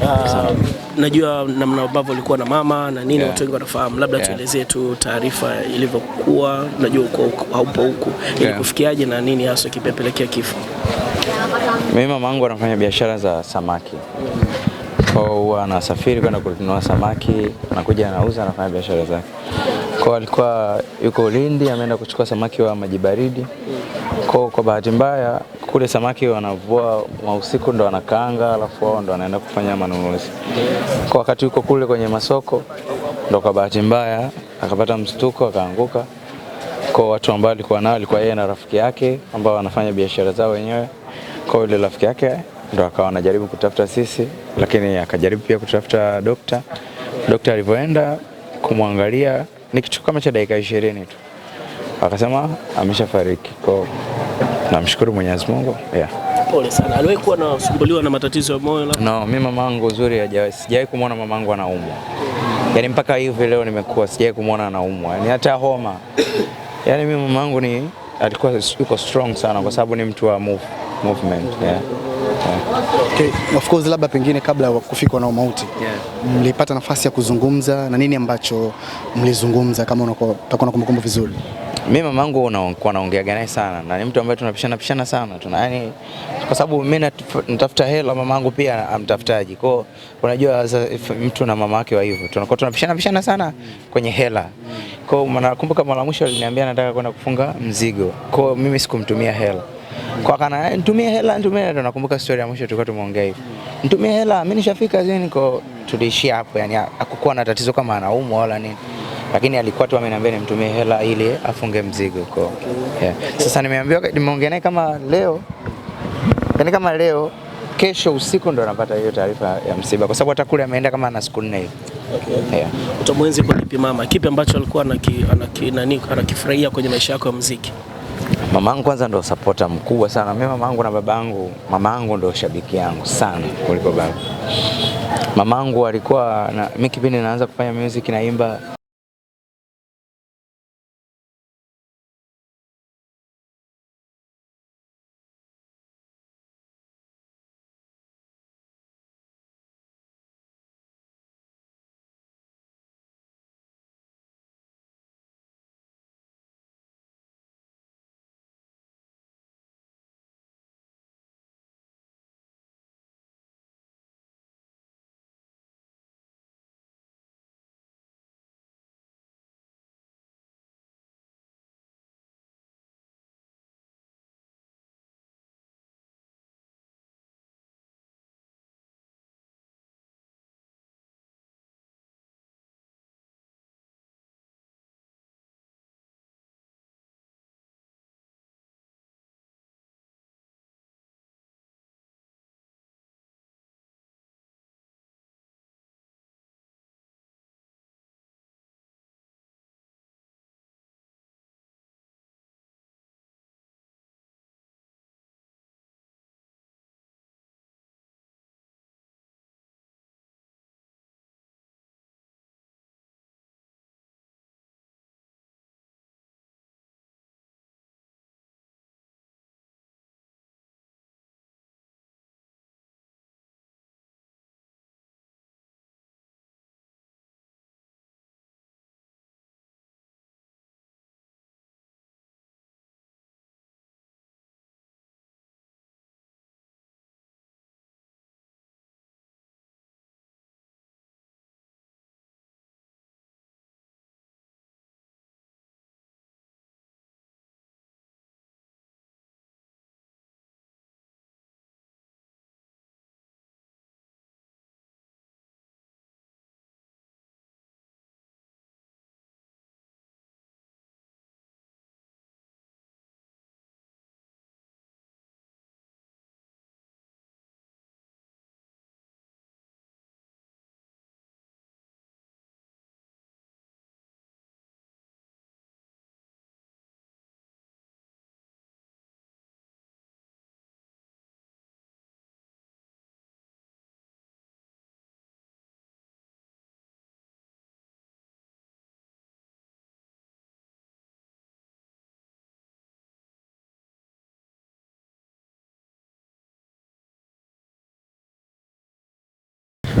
Ah, najua namna ambavyo ulikuwa na mama na nini, watu wengi wanafahamu, labda tuelezee tu taarifa ilivyokuwa. Najua uko haupo huku, ilikufikiaje na nini hasa kipelekea kifo? Mimi mamangu anafanya biashara za samaki kwa huwa anasafiri kwenda kununua samaki, anakuja anauza, anafanya biashara zake. Kwa alikuwa yuko Lindi, ameenda kuchukua samaki wa maji baridi. Kwa kwa bahati mbaya kule samaki wanavua mausiku ndo wanakaanga, alafu wao ndo wanaenda kufanya manunuzi. Kwa wakati yuko kule kwenye masoko, ndo kwa bahati mbaya akapata mstuko akaanguka. Kwa watu ambao alikuwa nao, alikuwa yeye na rafiki yake ambao wanafanya biashara zao wenyewe. Kwa yule rafiki yake ndo akawa anajaribu kutafuta sisi, lakini akajaribu pia kutafuta dokta. Dokta alivyoenda kumwangalia ni kitu kama cha dakika ishirini tu, akasema ameshafariki kwa namshukuru Mwenyezi Mungu yeah. Pole sana. Aliwahi kuwa anasumbuliwa na matatizo ya moyo la? No, mimi mamangu uzuri hajawahi, sijawahi kumwona mamangu anaumwa. Yaani mpaka hivi leo nimekuwa sijawahi kumwona anaumwa. Yaani hata homa. Yaani mimi mamangu ni alikuwa yuko strong sana kwa sababu ni mtu wa move, movement. Yeah. Yeah. Okay. Of course labda pengine kabla ya kufikwa na mauti yeah, mlipata nafasi ya kuzungumza na nini ambacho mlizungumza kama utakuwa kumbukumbu vizuri? mimi mama yangu nakuwa naongeaga naye sana na ni mtu ambaye tunapishana pishana sana tuna yani, kwa sababu mimi natafuta hela, mama yangu pia amtafutaji. Kwa hiyo unajua mtu na mama yake wa hivyo tunakuwa tunapishana pishana sana kwenye hela. Kwa hiyo nakumbuka mara mwisho aliniambia nataka kwenda kufunga mzigo, kwa hiyo mimi sikumtumia hela kwa kana eh, nitumie hela nitumie, hela nakumbuka story ya mwisho tulikuwa tumeongea hivi, nitumie hela, mimi nishafika zini, kwa tuliishia hapo, yani hakukua na tatizo kama anaumwa wala nini lakini alikuwa tu ameniambia nimtumie hela ili afunge mzigo huko. Yeah. Sasa nimeambiwa, nimeongea naye kama leo, yani kama leo kesho usiku ndo anapata hiyo taarifa ya msiba, kwa sababu hata kule ameenda kama ana siku nne hivi. Okay. Yeah. Utamwenzi kwa kipi mama? Kipi ambacho alikuwa anakifurahia kwenye maisha yako ya muziki? Mamangu kwanza ndo supporter mkubwa sana. Mimi mamangu na babangu, mamangu ndo shabiki yangu sana kuliko baba. Mamangu alikuwa na mimi kipindi naanza kufanya music naimba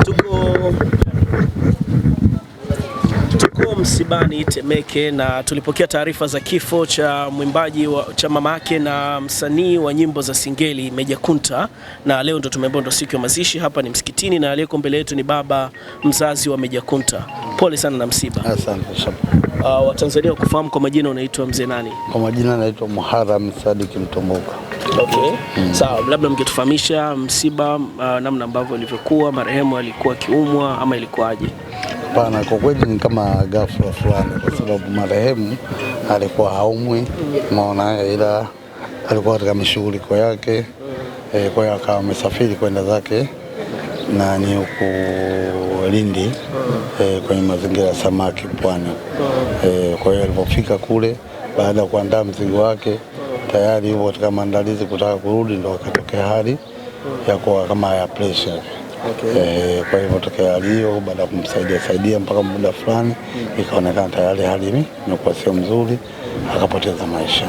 Tuko tuko msibani Temeke na tulipokea taarifa za kifo cha mwimbaji wa, cha mamake na msanii wa nyimbo za Singeli Meja Kunta, na leo ndo tumeambiwa ndo siku ya mazishi. Hapa ni msikitini na aliyeko mbele yetu ni baba mzazi wa Meja Kunta. Pole sana na msiba. Asante sana. Uh, Watanzania wakufahamu kwa majina, unaitwa mzee nani? Kwa majina anaitwa Muharram Sadiki Mtomboka. Okay. Mm. Sawa, labda mngetufahamisha msiba uh, namna ambavyo ilivyokuwa, marehemu alikuwa akiumwa ama ilikuwaje? Hapana, kwa kweli ni kama ghafla fulani, kwa sababu marehemu alikuwa haumwi, maona, ila alikuwa katika mishughuliko yake, e, kwa hiyo akawa amesafiri kwenda zake ni huku Lindi e, kwenye mazingira ya samaki pwani. E, kwa hiyo alipofika kule baada ya kuandaa mzigo wake tayari yupo katika maandalizi kutaka kurudi, ndo akatokea hali ya kuwa kama ya pressure. Okay. E, kwa hivyo tokea hali hiyo, baada ya kumsaidia saidia mpaka muda fulani mm. ikaonekana tayari hali imekuwa sio mzuri, akapoteza maisha.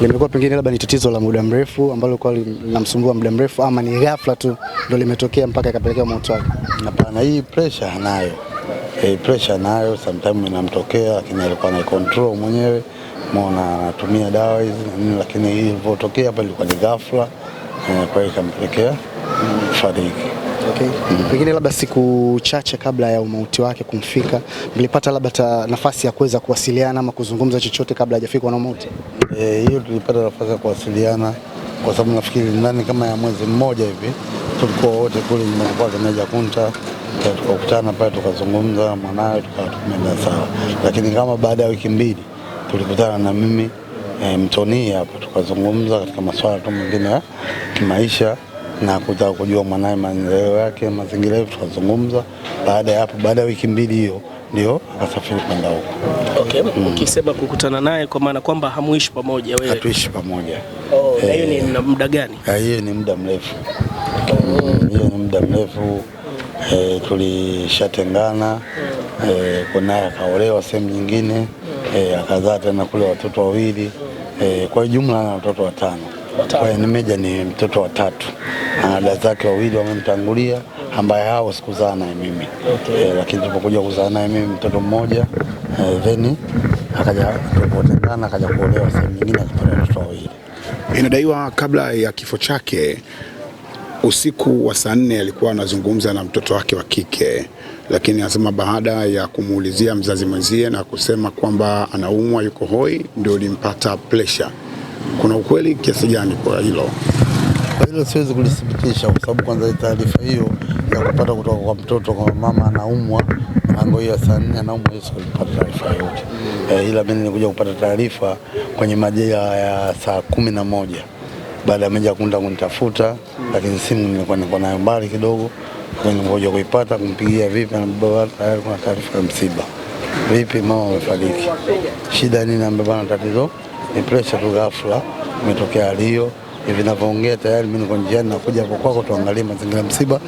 Limekuwa pengine labda ni tatizo la muda mrefu ambalo kwa linamsumbua muda mrefu, ama ni ghafla tu ndio limetokea mpaka ikapelekea mauti wake? Hapana, hii pressure anayo, e, pressure anayo, sometimes inamtokea, lakini alikuwa na control mwenyewe mona anatumia dawa hizi na nini, lakini ilivyotokea hapa ilikuwa ni ghafla, eh, kwa hiyo ikampelekea fariki. Okay. Mm. Pengine labda siku chache kabla ya umauti wake kumfika mlipata labda nafasi ya kuweza kuwasiliana ama kuzungumza chochote kabla hajafika na umauti? Eh, hiyo tulipata nafasi ya kuwasiliana kwa sababu nafikiri ndani kama ya mwezi mmoja hivi tulikuwa wote kule nyumbani kwake Meja Kunta, tukakutana pale tukazungumza, mwanawe tukawa tumeenda sawa, lakini kama baada ya wiki mbili tulikutana na mimi e, mtoni hapa tukazungumza katika masuala tu mengine ya kimaisha na kutaka kujua mwanaye maendeleo yake mazingira yetu, tukazungumza. Baada ya hapo, baada ya wiki mbili hiyo ndio akasafiri kwenda huko. Okay. Mm. Ukisema kukutana naye kwa maana kwamba hamuishi pamoja wewe? Hatuishi pamoja. Oh, e, hiyo ni eh, muda gani? Eh, hiyo ni muda mrefu. Oh. Hiyo ni muda mrefu e, tulishatengana e, kunaye akaolewa sehemu nyingine e, akazaa tena kule watoto wawili e, kwa jumla ana watoto watano. Kwa hiyo Nimeja ni mtoto wa tatu, ana dada zake wawili wamemtangulia, ambaye hao sikuzaa naye mimi okay. E, lakini tulipokuja kuzaa naye mimi mtoto mmoja e, theni akaja tulipotengana akaja kuolewa sehemu nyingine, akipata watoto wawili. Inadaiwa kabla ya kifo chake usiku wa saa nne alikuwa anazungumza na mtoto wake wa kike, lakini anasema baada ya kumuulizia mzazi mwenzie na kusema kwamba anaumwa yuko hoi, ndio limpata pressure. Kuna ukweli kiasi gani kwa hilo? Kwa hilo siwezi kulithibitisha kwa sababu kwanza taarifa hiyo ya kupata kutoka kwa mtoto kwa mama anaumwa mlango hiyo saa nne anaumwa hiyo sikupata taarifa E, ila mimi nilikuja kupata taarifa kwenye majira ya saa kumi na moja baada ya meja kunda kunitafuta, lakini simu nilikuwa niko nayo mbali kidogo, ngoja kuipata kumpigia, vipi baba, tayari kuna taarifa ya msiba, vipi mama amefariki, shida nini? Ambaye bana, tatizo ni pressure tu, ghafla imetokea alio hivi navyoongea tayari mimi niko njiani nakuja hapo kwako, tuangalie mazingira msiba